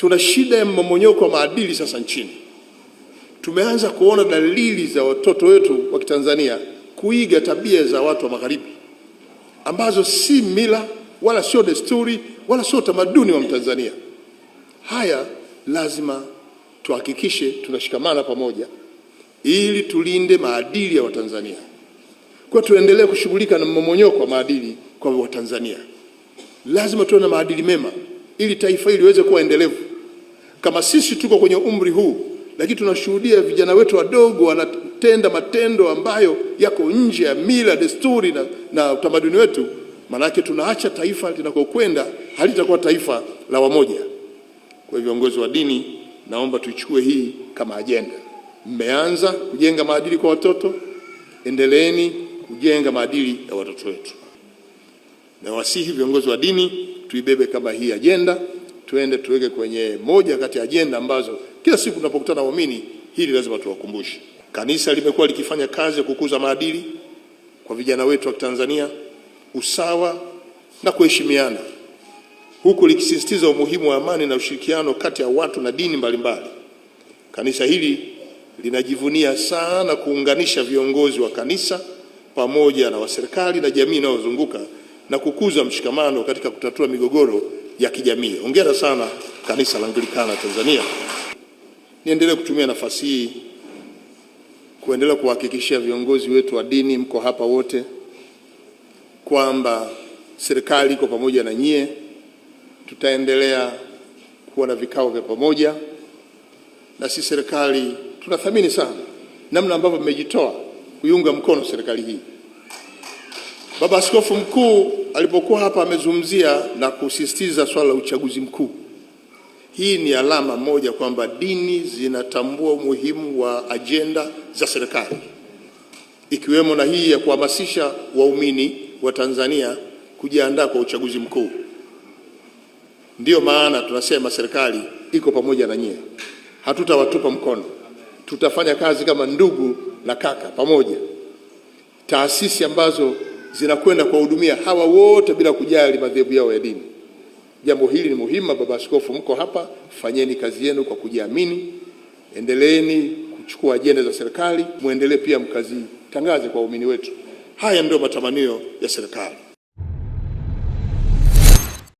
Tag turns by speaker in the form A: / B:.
A: Tuna shida ya mmomonyoko wa maadili sasa nchini. Tumeanza kuona dalili za watoto wetu wa Kitanzania kuiga tabia za watu wa Magharibi ambazo si mila wala sio desturi wala sio utamaduni wa Mtanzania. Haya lazima tuhakikishe tunashikamana pamoja ili tulinde maadili ya Watanzania. Kwa tuendelee kushughulika na mmomonyoko wa maadili kwa Watanzania. Lazima tuwe na maadili mema ili taifa hili liweze kuwa endelevu. Kama sisi tuko kwenye umri huu, lakini tunashuhudia vijana wetu wadogo wanatenda matendo ambayo yako nje ya mila, desturi na, na utamaduni wetu, maanake tunaacha taifa linakokwenda halitakuwa taifa la wamoja. Kwa hivyo, viongozi wa dini, naomba tuichukue hii kama ajenda. Mmeanza kujenga maadili kwa watoto, endeleeni kujenga maadili ya watoto wetu. Nawasihi viongozi wa dini tuibebe kama hii ajenda tuende tuweke kwenye moja kati ya ajenda ambazo kila siku tunapokutana waumini, hili lazima tuwakumbushe. Kanisa limekuwa likifanya kazi ya kukuza maadili kwa vijana wetu wa Tanzania, usawa na kuheshimiana, huku likisisitiza umuhimu wa amani na ushirikiano kati ya watu na dini mbalimbali. Kanisa hili linajivunia sana kuunganisha viongozi wa kanisa pamoja na wa serikali na jamii inayozunguka na kukuza mshikamano katika kutatua migogoro ya kijamii. Hongera sana kanisa la Anglikana Tanzania. Niendelee kutumia nafasi hii kuendelea kuhakikishia viongozi wetu wa dini, mko hapa wote, kwamba serikali iko pamoja na nyie. Tutaendelea kuwa na vikao vya pamoja, na si serikali tunathamini sana namna ambavyo mmejitoa kuiunga mkono serikali hii. Baba Askofu Mkuu alipokuwa hapa amezungumzia na kusisitiza swala la uchaguzi mkuu. Hii ni alama moja kwamba dini zinatambua umuhimu wa ajenda za serikali ikiwemo na hii ya kuhamasisha waumini wa Tanzania kujiandaa kwa uchaguzi mkuu. Ndiyo maana tunasema serikali iko pamoja na nyie, hatutawatupa mkono, tutafanya kazi kama ndugu na kaka pamoja, taasisi ambazo zinakwenda kuwahudumia hawa wote bila kujali madhehebu yao ya dini. Jambo hili ni muhimu. Baba Askofu, mko hapa, fanyeni kazi yenu kwa kujiamini, endeleeni kuchukua ajenda za serikali, mwendelee pia mkazitangaze kwa waumini wetu. Haya ndio matamanio ya serikali.